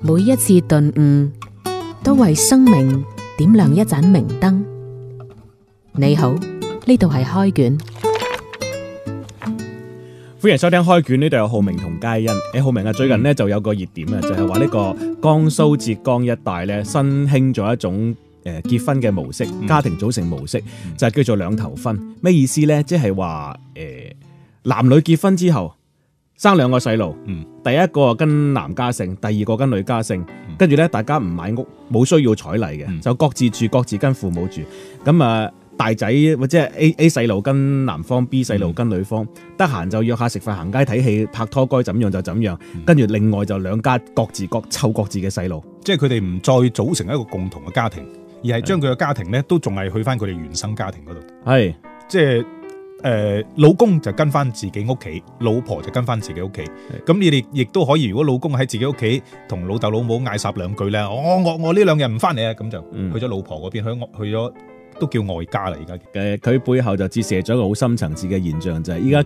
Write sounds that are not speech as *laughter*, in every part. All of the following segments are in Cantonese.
每一次頓悟，都為生命點亮一盞明燈。你好，呢度係開卷，歡迎收聽開卷。呢度有浩明同佳欣。誒，浩明啊，最近呢就有個熱點啊，就係話呢個江蘇、浙江一帶呢新興咗一種誒結婚嘅模式，家庭組成模式，就係叫做兩頭婚。咩意思呢？即係話誒男女結婚之後。生兩個細路，第一個跟男家姓，第二個跟女家姓，跟住咧大家唔買屋，冇需要彩禮嘅，嗯、就各自住，各自跟父母住。咁啊大仔或者係 A A 細路跟男方，B 細路跟女方，得閒、嗯、就約下食飯、行街、睇戲、拍拖，該怎樣就怎樣。跟住、嗯、另外就兩家各自各湊各，各自嘅細路，即係佢哋唔再組成一個共同嘅家庭，而係將佢嘅家庭咧都仲係去翻佢哋原生家庭嗰度。係的即係。誒、呃，老公就跟翻自己屋企，老婆就跟翻自己屋企。咁是的 你哋亦都可以，如果老公喺自己屋企同老豆老母嗌霎兩句咧、哦，我我我呢兩日唔翻嚟啊，咁就去咗老婆嗰邊，去去咗都叫外家啦。而家誒，佢背後就折射咗一個好深層次嘅現象就係，依家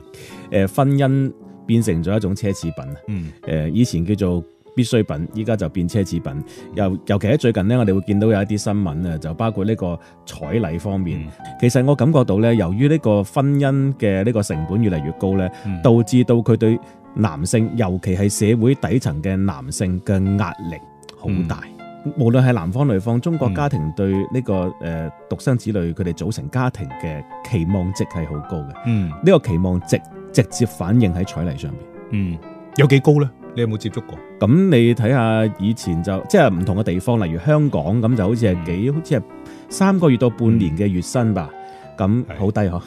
誒婚姻變成咗一種奢侈品啊。誒，嗯、以前叫做必需品依家就變奢侈品，尤尤其喺最近呢，我哋會見到有一啲新聞啊，就包括呢個彩禮方面。其實我感覺到咧，由於呢個婚姻嘅呢個成本越嚟越高咧，導致到佢對男性，尤其係社會底層嘅男性嘅壓力好大。嗯嗯、無論係男方女方，中國家庭對呢個、這個誒呃、獨生子女佢哋組成家庭嘅期望值係好高嘅。嗯，呢個期望值直接反映喺彩禮上邊。嗯，有幾高咧？你有冇接觸過？咁你睇下以前就即係唔同嘅地方，例如香港，咁就好似係幾，嗯、好似係三個月到半年嘅月薪吧。咁好低嗬。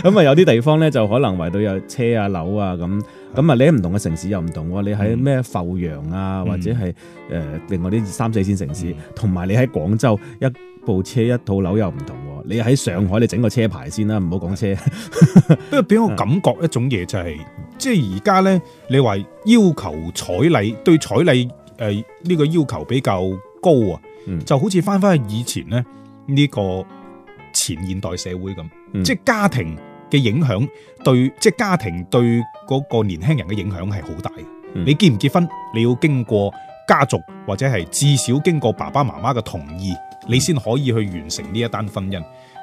咁啊有啲地方咧就可能圍到有車啊樓啊咁。咁啊是的 你喺唔同嘅城市又唔同喎。你喺咩阜陽啊、嗯、或者係、呃、另外啲三四線城市，同埋、嗯、你喺廣州一部車一套樓又唔同，你喺上海你整個車牌先啦，唔好講車。不過俾 *laughs* 我感覺一種嘢就係、是，即係而家咧，你話要求彩禮對彩禮誒呢個要求比較高啊，就好似翻翻去以前咧呢、呢個前現代社會咁，嗯、即係家庭嘅影響對，即係家庭對嗰個年輕人嘅影響係好大。你結唔結婚，你要經過家族或者係至少經過爸爸媽媽嘅同意。你先可以去完成呢一單婚姻。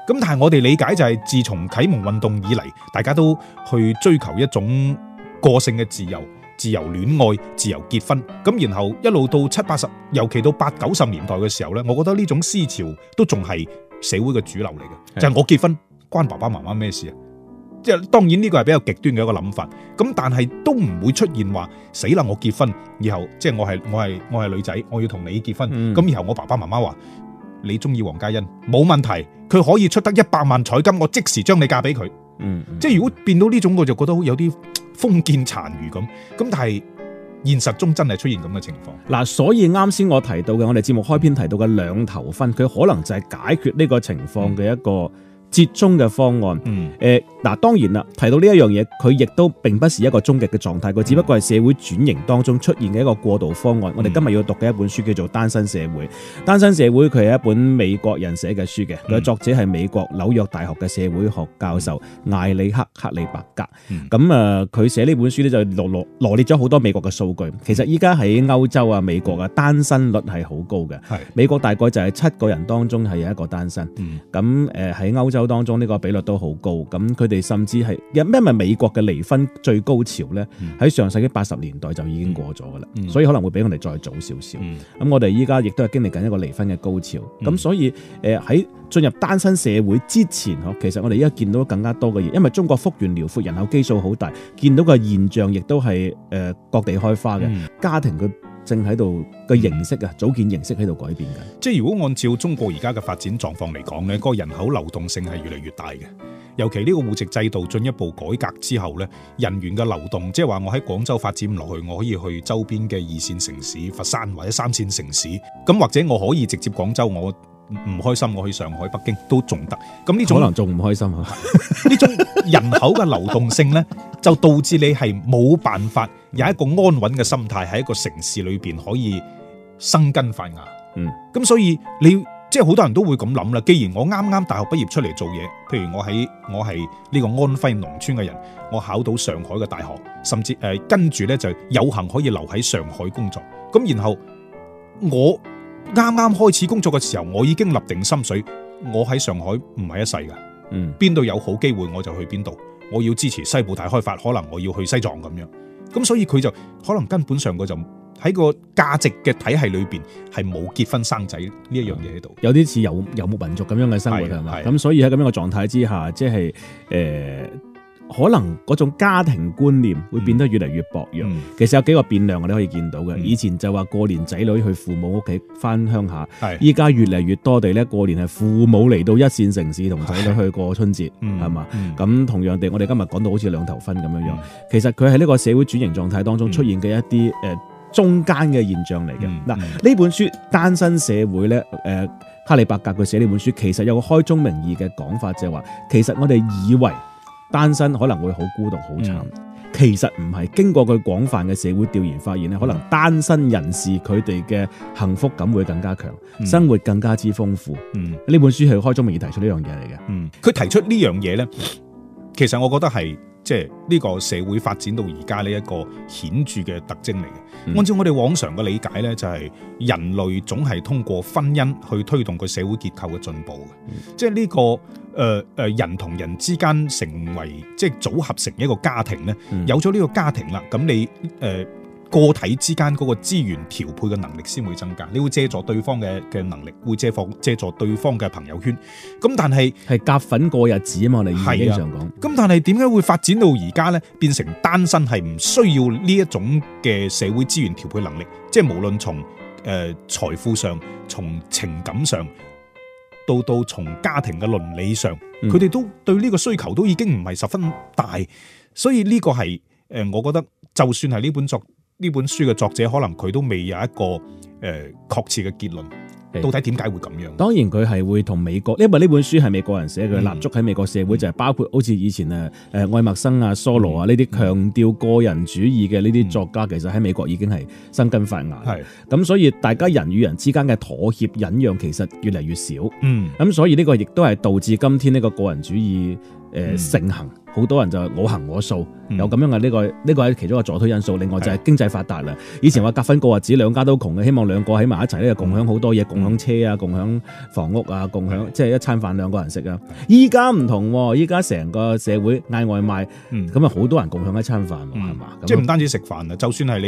咁但係我哋理解就係自從啟蒙運動以嚟，大家都去追求一種個性嘅自由、自由戀愛、自由結婚。咁然後一路到七八十，尤其到八九十年代嘅時候呢，我覺得呢種思潮都仲係社會嘅主流嚟嘅。就係、是、我結婚關爸爸媽媽咩事啊？即係當然呢個係比較極端嘅一個諗法。咁但係都唔會出現話死啦，我結婚，然後即係、就是、我係我係我係女仔，我要同你結婚。咁然、嗯、後我爸爸媽媽話。你中意黃嘉欣冇問題，佢可以出得一百萬彩金，我即時將你嫁俾佢。嗯。嗯，即係如果變到呢種，我就覺得有啲封建殘餘咁。咁但係現實中真係出現咁嘅情況。嗱，所以啱先我提到嘅、我哋節目開篇提到嘅兩頭婚，佢可能就係解決呢個情況嘅一個。嗯折中嘅方案，誒嗱、嗯呃，當然啦，提到呢一樣嘢，佢亦都並不是一個終極嘅狀態，佢只不過係社會轉型當中出現嘅一個過渡方案。嗯、我哋今日要讀嘅一本書叫做《單身社會》，《單身社會》佢係一本美國人寫嘅書嘅，佢嘅、嗯、作者係美國紐約大學嘅社會學教授、嗯、艾里克·克里南伯格。咁啊、嗯，佢、呃、寫呢本書咧就羅羅羅列咗好多美國嘅數據。嗯、其實依家喺歐洲啊、美國啊，單身率係好高嘅。是美國大概就係七個人當中係有一個單身。咁誒喺歐洲，州當中呢個比率都好高，咁佢哋甚至係咩咪美國嘅離婚最高潮呢？喺上世紀八十年代就已經過咗嘅啦，嗯嗯、所以可能會比我哋再早少少。咁、嗯、我哋依家亦都係經歷緊一個離婚嘅高潮。咁、嗯、所以誒喺進入單身社會之前，嗬，其實我哋而家見到更加多嘅嘢，因為中國幅員遼闊，人口基數好大，見到嘅現象亦都係誒各地開花嘅、嗯、家庭嘅正喺度嘅形式啊，嗯、組建形式喺度改變㗎。即係如果按照中國而家嘅發展狀況嚟講咧，個、嗯、人口流動性係越嚟越大嘅。尤其呢個戶籍制度進一步改革之後咧，人員嘅流動即係話，我喺廣州發展唔落去，我可以去周邊嘅二線城市、佛山或者三線城市，咁或者我可以直接廣州我。唔開心，我去上海、北京都仲得。咁呢種可能仲唔開心啊？呢 *laughs* 種人口嘅流動性呢， *laughs* 就導致你係冇辦法有一個安穩嘅心態喺一個城市裏邊可以生根發芽。嗯，咁所以你即係好多人都會咁諗啦。既然我啱啱大學畢業出嚟做嘢，譬如我喺我係呢個安徽農村嘅人，我考到上海嘅大學，甚至誒跟住呢就有幸可以留喺上海工作。咁然後我。啱啱開始工作嘅時候，我已經立定心水，我喺上海唔係一世㗎，嗯，邊度有好機會我就去邊度，我要支持西部大開發，可能我要去西藏咁樣，咁所以佢就可能根本上佢就喺個價值嘅體系裏邊係冇結婚生仔呢一樣嘢喺度，有啲似有游牧民族咁樣嘅生活係咪？咁所以喺咁樣嘅狀態之下，即係誒。呃可能嗰種家庭觀念會變得越嚟越薄弱。嗯、其實有幾個變量，我哋可以見到嘅。嗯、以前就話過年仔女去父母屋企翻鄉下，係依家越嚟越多地咧過年係父母嚟到一線城市同仔女去過春節，係嘛？咁同樣地，我哋今日講到好似兩頭婚咁樣樣。嗯、其實佢喺呢個社會轉型狀態當中出現嘅一啲誒、嗯呃、中間嘅現象嚟嘅。嗱，呢、嗯嗯、本書《單身社會》咧，誒、呃、克里南伯格佢寫呢本書其實有個開宗明義嘅講法，就係、是、話其實我哋以為。單身可能會好孤獨、好慘，嗯、其實唔係。經過佢廣泛嘅社會調研發現咧，可能單身人士佢哋嘅幸福感會更加強，嗯、生活更加之豐富。嗯，呢本書係開宗明義提出呢樣嘢嚟嘅。嗯，佢提出呢樣嘢咧，其實我覺得係。即係呢個社會發展到而家呢一個顯著嘅特徵嚟嘅。按照我哋往常嘅理解咧，就係人類總係通過婚姻去推動個社會結構嘅進步嘅。嗯、即係呢、這個誒誒、呃、人同人之間成為即係組合成一個家庭咧，有咗呢個家庭啦，咁你誒。呃個體之間嗰個資源調配嘅能力先會增加，你會借助對方嘅嘅能力，會借放借助對方嘅朋友圈。咁但係係夾粉過日子啊嘛，的我哋經常講。咁但係點解會發展到而家咧，變成單身係唔需要呢一種嘅社會資源調配能力？即、就、係、是、無論從、呃、財富上，從情感上，到到從家庭嘅倫理上，佢哋、嗯、都對呢個需求都已經唔係十分大。所以呢個係、呃、我覺得就算係呢本作。呢本書嘅作者可能佢都未有一個誒確切嘅結論，到底點解會咁樣？當然佢係會同美國，因為呢本書係美國人寫嘅，佢、嗯，立足喺美國社會、嗯、就係包括好似以前誒誒、呃、愛默生啊、梭羅啊呢啲、嗯、強調個人主義嘅呢啲作家，嗯、其實喺美國已經係生根發芽，係咁是所以大家人與人之間嘅妥協忍讓其實越嚟越少，嗯，咁所以呢個亦都係導致今天呢個個人主義。誒盛行，好多人就我行我素，有咁樣嘅呢個呢個係其中一個助推因素。另外就係經濟發達啦。以前話隔分過日子，兩家都窮嘅，希望兩個喺埋一齊呢，共享好多嘢，共享車啊，共享房屋啊，共享即係一餐飯兩個人食啊。依家唔同喎，依家成個社會嗌外賣，咁啊好多人共享一餐飯喎，係嘛？即係唔單止食飯啊，就算係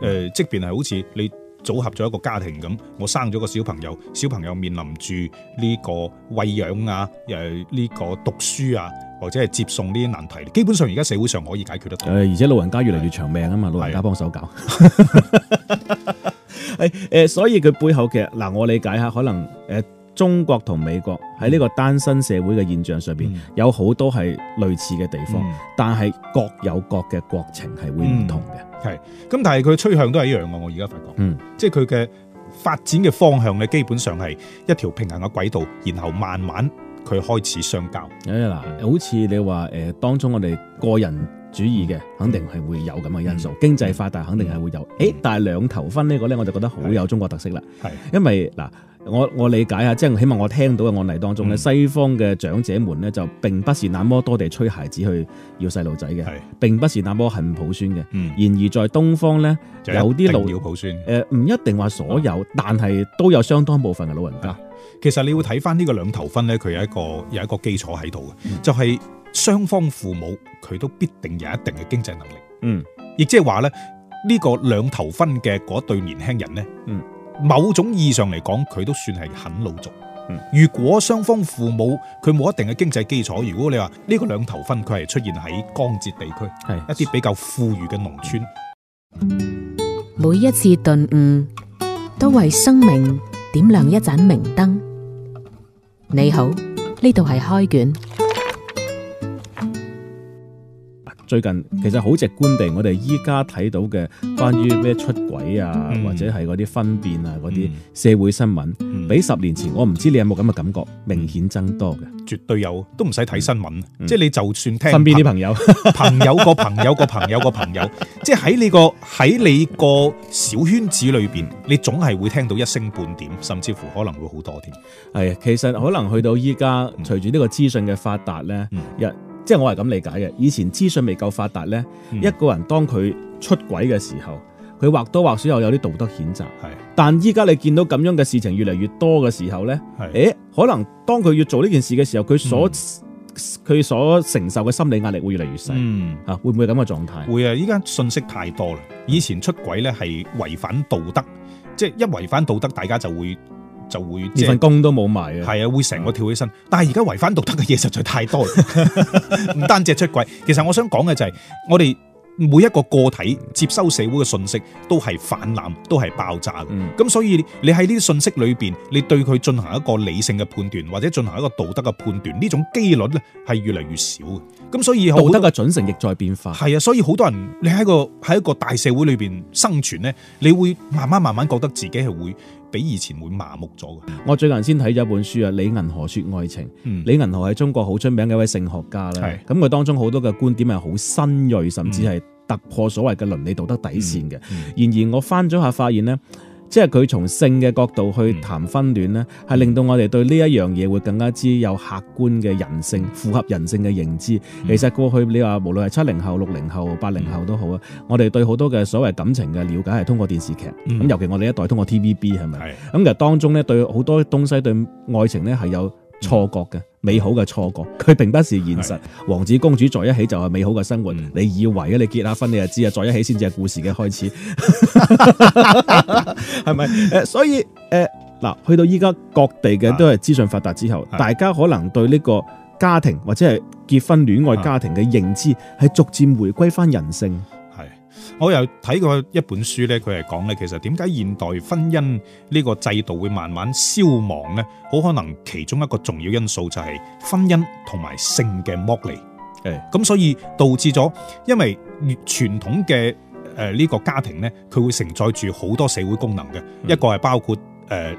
你誒即便係好似你組合咗一個家庭咁，我生咗個小朋友，小朋友面臨住呢個餵養啊，誒呢個讀書啊。或者係接送呢啲難題，基本上而家社會上可以解決得到誒，而且老人家越嚟越長命啊嘛，是 老人家幫手搞。誒是， *laughs* 所以佢背後嘅，嗱，我理解下，可能誒，中國同美國喺呢個單身社會嘅現象上邊，有好多係類似嘅地方，嗯、但係各有各嘅國情係會唔同嘅，嗯。係，咁但係佢趨向都係一樣嘅。我而家發覺，嗯，即係佢嘅發展嘅方向咧，基本上係一條平衡嘅軌道，然後慢慢。佢開始相交。誒嗱，好似你話誒，當中我哋個人主義嘅，肯定係會有咁嘅因素。經濟發達，肯定係會有。誒，但係兩頭分呢個咧，我就覺得好有中國特色啦。係，因為嗱，我我理解下，即係起碼我聽到嘅案例當中嘅西方嘅長者們咧，就並不是那麼多地催孩子去要細路仔嘅，係並不是那麼恨抱孫嘅。嗯，然而在東方咧，有啲老抱孫。誒，唔一定話所有，但係都有相當部分嘅老人家。其實你會睇翻呢個兩頭婚咧，佢有一個有一個基礎喺度嘅，嗯、就係雙方父母佢都必定有一定嘅經濟能力。嗯，亦即係話咧，呢、這個兩頭婚嘅嗰對年輕人咧，嗯、某種意義上嚟講，佢都算係啃老族。嗯，如果雙方父母佢冇一定嘅經濟基礎，如果你話呢個兩頭婚佢係出現喺江浙地區，係、嗯、一啲比較富裕嘅農村、嗯。每一次頓悟，都為生命點亮一盞明燈。你好，呢度係開卷。最近其實好直觀地，我哋依家睇到嘅關於咩出軌啊，嗯、或者係嗰啲分辨啊嗰啲社會新聞，嗯嗯、比十年前我唔知你有冇咁嘅感覺，明顯增多嘅。絕對有，都唔使睇新聞，即係、嗯、你就算聽身邊啲朋友，朋友個朋友個朋友個朋友，即係喺你個喺你個小圈子裏面，你總係會聽到一聲半點，甚至乎可能會好多添。其實可能去到依家，嗯、隨住呢個資訊嘅發達呢。嗯即係我係咁理解嘅，以前資訊未夠發達呢，嗯、一個人當佢出軌嘅時候，佢或多或少又有啲道德譴責。係，是的 但依家你見到咁樣嘅事情越嚟越多嘅時候呢，係是的，誒，可能當佢要做呢件事嘅時候，佢所佢、嗯、所承受嘅心理壓力會越嚟越細。嗯，嚇，會唔會咁嘅狀態？會啊，依家信息太多啦。以前出軌呢係違反道德，嗯、即係一違反道德，大家就會。就會呢份工都冇埋嘅，係啊，會成個跳起身。的但係而家違反道德嘅嘢實在太多，唔 *laughs* 單隻出軌。其實我想講嘅就係、是，我哋每一個個體接收社會嘅信息都係泛濫，都係爆炸嘅。咁、嗯、所以你喺呢啲信息裏邊，你對佢進行一個理性嘅判斷，或者進行一個道德嘅判斷，呢種機率咧係越嚟越少嘅。咁所以道德嘅準繩亦在變化。係啊，所以好多人你喺個喺一個大社會裏邊生存咧，你會慢慢慢慢覺得自己係會。比以前會麻木咗嘅。我最近先睇咗一本書啊，李銀河説愛情。嗯，李銀河係中國好出名嘅一位性學家啦。係是，咁佢當中好多嘅觀點係好新穎，甚至係突破所謂嘅倫理道德底線嘅。嗯嗯、然而我翻咗下發現咧。即係佢從性嘅角度去談婚戀呢，係令到我哋對呢一樣嘢會更加之有客觀嘅人性，符合人性嘅認知。嗯、其實過去你話無論係七零後、六零後、八零後都好啊，嗯、我哋對好多嘅所謂感情嘅了解係通過電視劇。咁、嗯、尤其我哋一代通過 TVB 係咪？咁的其實當中呢，對好多東西、對愛情呢係有。錯覺嘅美好嘅錯覺，佢並不是現實。的王子公主在一起就係美好嘅生活，的你以為啊？你結下婚你就知啊，在一起先至係故事嘅開始，係咪？誒，所以誒，嗱、呃，去到依家各地嘅都係資訊發達之後，的大家可能對呢個家庭或者係結婚戀愛家庭嘅認知係逐漸回歸翻人性。我又睇過一本書咧，佢係講咧，其實點解現代婚姻呢個制度會慢慢消亡咧？好可能其中一個重要因素就係婚姻同埋性嘅剝離誒，咁的所以導致咗，因為傳統嘅誒呢個家庭咧，佢會承載住好多社會功能嘅。嗯、一個係包括誒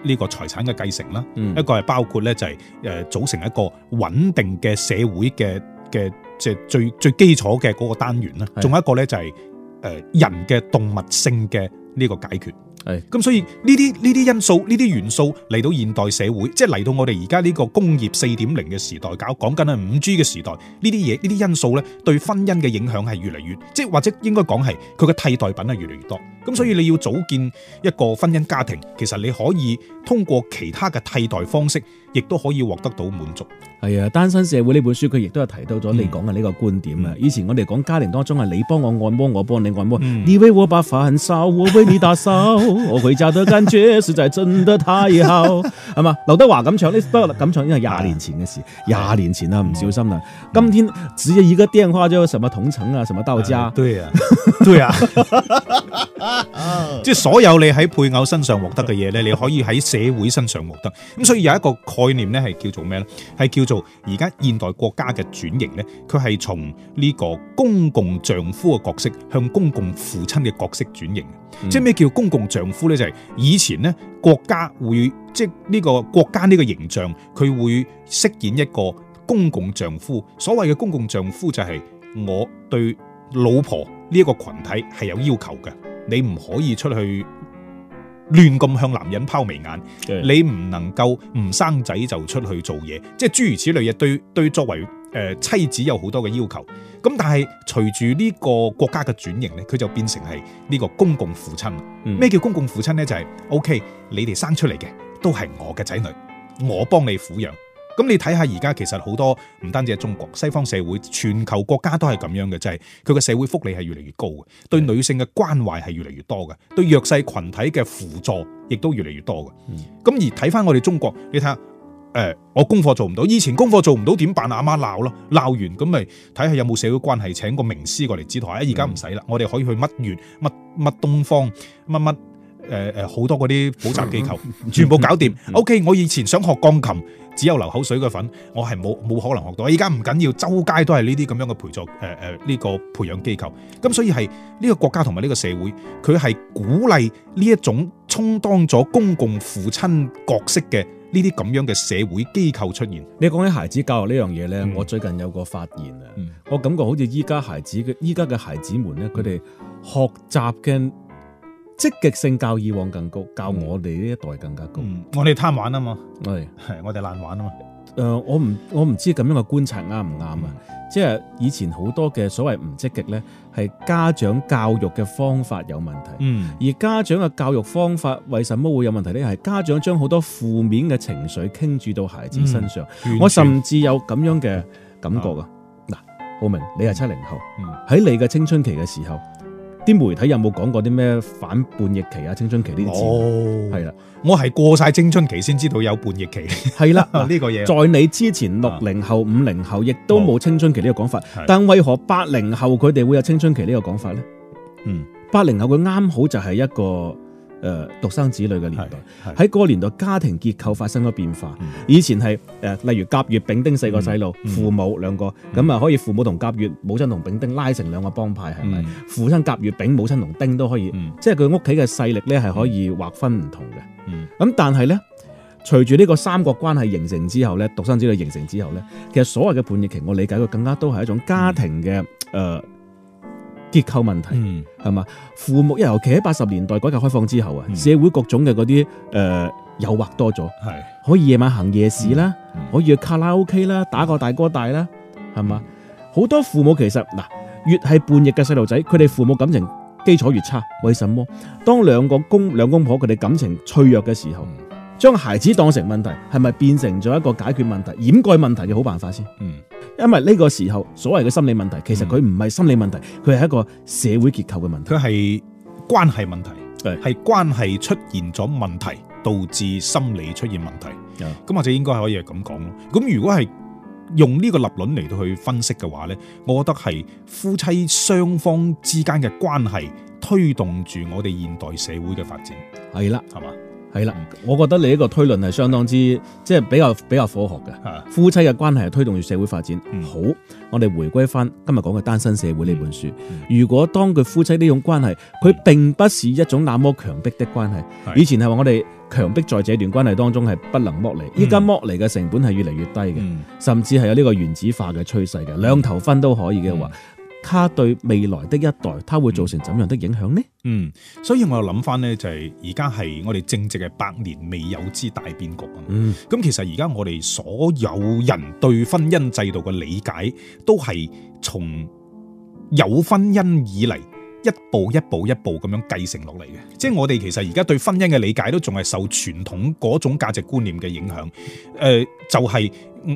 呢個財產嘅繼承啦，嗯、一個係包括咧就係誒組成一個穩定嘅社會嘅嘅即係最最基礎嘅嗰個單元啦。仲的有一個咧就係、是。誒、呃，人嘅動物性嘅呢個解決，係咁是，所以呢啲呢啲因素呢啲元素嚟到現代社會，即係嚟到我哋而家呢個工業四點零嘅時代，搞講緊啊五 G 嘅時代，呢啲嘢呢啲因素咧，對婚姻嘅影響係越嚟越，即係或者應該講係佢嘅替代品係越嚟越多，咁所以你要組建一個婚姻家庭，其實你可以通過其他嘅替代方式。亦都可以獲得到滿足。係啊，單身社會呢本書佢亦都有提到咗你講嘅呢個觀點啊。以前我哋講家庭當中係你幫我按摩，我幫你按摩。你為我把飯燒，我為你打掃。我回家的感覺實在真的太好。係嘛？劉德華咁唱咧，不過咁唱呢係廿年前嘅事。廿年前啦，唔小心啦。今天只要一個電話就什麼同城啊，什麼到家。對呀，對呀。即係所有你喺配偶身上獲得嘅嘢咧，你可以喺社會身上獲得。咁所以有一個概概念咧係叫做咩咧？係叫做而家現代國家嘅轉型咧，佢係從呢個公共丈夫嘅角色向公共父親嘅角色轉型。嗯、即係咩叫公共丈夫咧？就係、是、以前咧國家會，即係呢個國家呢個形象，佢會飾演一個公共丈夫。所謂嘅公共丈夫就係我對老婆呢一個群體係有要求嘅，你唔可以出去。亂咁向男人拋眉眼，你唔能夠唔生仔就出去做嘢，即係諸如此類嘢，對對作為誒、呃、妻子有好多嘅要求。咁但係隨住呢個國家嘅轉型呢，佢就變成係呢個公共父親。咩、嗯、叫公共父親呢？就係 OK，你哋生出嚟嘅都係我嘅仔女，我幫你撫養。咁你睇下而家其實好多唔單止係中國，西方社會全球國家都係咁樣嘅，就係佢嘅社會福利係越嚟越高嘅，對女性嘅關懷係越嚟越多嘅，對弱勢群體嘅輔助亦都越嚟越多嘅。咁、嗯、而睇翻我哋中國，你睇下、呃，我功課做唔到，以前功課做唔到點辦？阿媽鬧咯，鬧完咁咪睇下有冇社會關係請個名師過嚟指導呀？而家唔使啦，嗯、我哋可以去乜元乜乜東方乜乜。誒誒好多嗰啲補習機構 *laughs* 全部搞掂。 *laughs* o、okay, K，我以前想學鋼琴，只有流口水嘅份，我係冇冇可能學到。依家唔緊要，周街都係呢啲咁樣嘅培助，誒誒呢個培養機構。咁所以係呢、呢個國家同埋呢個社會，佢係鼓勵呢一種充當咗公共父親角色嘅呢啲咁樣嘅社會機構出現。你講起孩子教育呢樣嘢咧，嗯、我最近有個發現啊，嗯、我感覺好似依家孩子嘅依家嘅孩子們咧，佢哋學習嘅。積極性較以往更高，較我哋呢一代更加高。嗯、我哋貪玩啊嘛，係係是我哋爛玩啊嘛。誒、呃，我唔我唔知咁樣嘅觀察啱唔啱啊？即係、嗯、以前好多嘅所謂唔積極呢，係家長教育嘅方法有問題。嗯、而家長嘅教育方法為什麼會有問題呢？係家長將好多負面嘅情緒傾注到孩子身上。嗯、我甚至有咁樣嘅感覺好啊！嗱，好明，你係七零後，喺、嗯、你嘅青春期嘅時候。啲媒體有冇講過啲咩反叛逆期啊、青春期呢啲字？係啦、哦，啊、我係過晒青春期先知道有叛逆期，係 *laughs* 啦、啊。呢 *laughs* 個嘢，在你之前六零後、五零、啊、後亦都冇青春期呢個講法，哦、但為何八零後佢哋會有青春期呢個講法呢？嗯，八零後佢啱好就係一個。誒獨、呃、生子女嘅年代，喺嗰個年代家庭結構發生咗變化。嗯、以前係誒、呃，例如甲乙丙丁四個細路，嗯、父母兩個咁啊，嗯、可以父母同甲乙，母親同丙丁拉成兩個幫派，係咪？嗯、父親甲乙丙，母親同丁都可以，嗯、即係佢屋企嘅勢力咧，係可以劃分唔同嘅。咁、嗯、但係咧，隨住呢個三角關係形成之後咧，獨生子女形成之後咧，其實所謂嘅叛逆期，我理解佢更加都係一種家庭嘅誒，嗯呃結構問題，係嘛、嗯？父母尤其喺八十年代改革開放之後啊，嗯、社會各種嘅嗰啲誒誘惑多咗，係是可以夜晚行夜市啦，嗯嗯、可以去卡拉 OK 啦，打個大哥大啦，係嘛？好、嗯、多父母其實嗱，越係叛逆嘅細路仔，佢哋父母感情基礎越差。為什麼？當兩個公兩公婆佢哋感情脆弱嘅時候，將、嗯、孩子當成問題，係咪變成咗一個解決問題、掩蓋問題嘅好辦法先？嗯。因為呢個時候所謂嘅心理問題，其實佢唔係心理問題，佢係一個社會結構嘅問題，佢係關係問題，係關係出現咗問題，導致心理出現問題，咁或者應該可以係咁講咯。咁如果係用呢個立論嚟到去分析嘅話呢，我覺得係夫妻雙方之間嘅關係推動住我哋現代社會嘅發展，係啦的，係嘛？係啦，我覺得你呢個推論係相當之，即、就、係、是、比較比較科學嘅。的夫妻嘅關係係推動住社會發展。嗯、好，我哋回歸翻今日講嘅單身社會呢本書。嗯嗯、如果當佢夫妻呢種關係，佢、嗯、並不是一種那麼強迫的關係。是的以前係話我哋強迫在這段關係當中係不能剝離，依家剝離嘅成本係越嚟越低嘅，嗯、甚至係有呢個原子化嘅趨勢嘅，嗯、兩頭分都可以嘅話。嗯它對未來的一代，它會造成怎樣的影響呢？嗯，所以我又諗翻咧，就係而家係我哋正值嘅百年未有之大變局啊。嗯，咁其實而家我哋所有人對婚姻制度嘅理解，都係從有婚姻以嚟。一步一步一步咁樣繼承落嚟嘅，即係我哋其實而家對婚姻嘅理解都仲係受傳統嗰種價值觀念嘅影響。誒，就係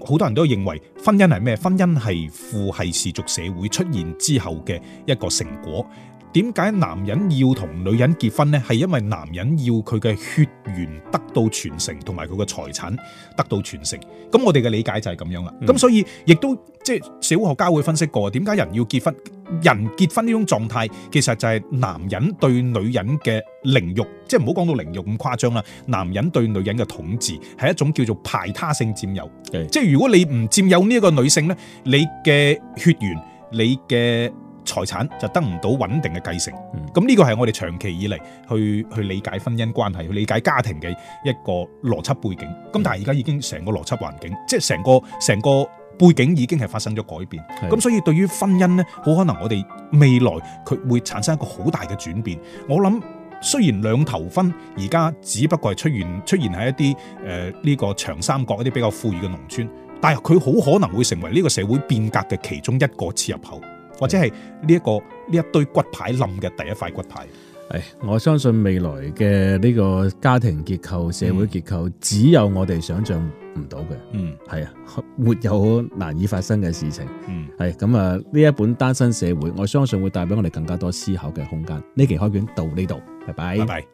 好多人都認為婚姻係咩？婚姻係父系氏族社會出現之後嘅一個成果。點解男人要同女人結婚呢？係因為男人要佢嘅血緣得到傳承，同埋佢嘅財產得到傳承。咁我哋嘅理解就係咁樣啦。咁、嗯、所以亦都即係、就是、社會學家會分析過，點解人要結婚？人結婚呢種狀態，其實就係男人對女人嘅凌辱，即係唔好講到凌辱咁誇張啦。男人對女人嘅統治，係一種叫做排他性佔有。即係是的 如果你唔佔有呢個女性呢，你嘅血緣，你嘅。財產就得唔到穩定嘅繼承，咁呢個係我哋長期以嚟去去理解婚姻關係、去理解家庭嘅一個邏輯背景。咁、嗯、但係而家已經成個邏輯環境，即係成個成個背景已經係發生咗改變。咁是的 所以對於婚姻呢，好可能我哋未來佢會產生一個好大嘅轉變。我諗雖然兩頭婚而家只不過係出現出現喺一啲誒呢個長三角一啲比較富裕嘅農村，但係佢好可能會成為呢個社會變革嘅其中一個切入口。或者係呢一個呢一堆骨牌冧嘅第一塊骨牌。誒，我相信未來嘅呢個家庭結構、社會結構，只有我哋想象唔到嘅。嗯，係啊，沒有難以發生嘅事情。嗯，係咁啊。呢一本單身社會，我相信會帶俾我哋更加多思考嘅空間。呢期開卷到呢度，拜拜。拜拜。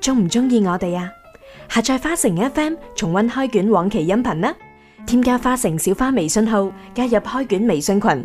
中唔中意我哋啊？下載花城 FM 重溫開卷往期音頻啦。添加花城小花微信號，加入開卷微信群。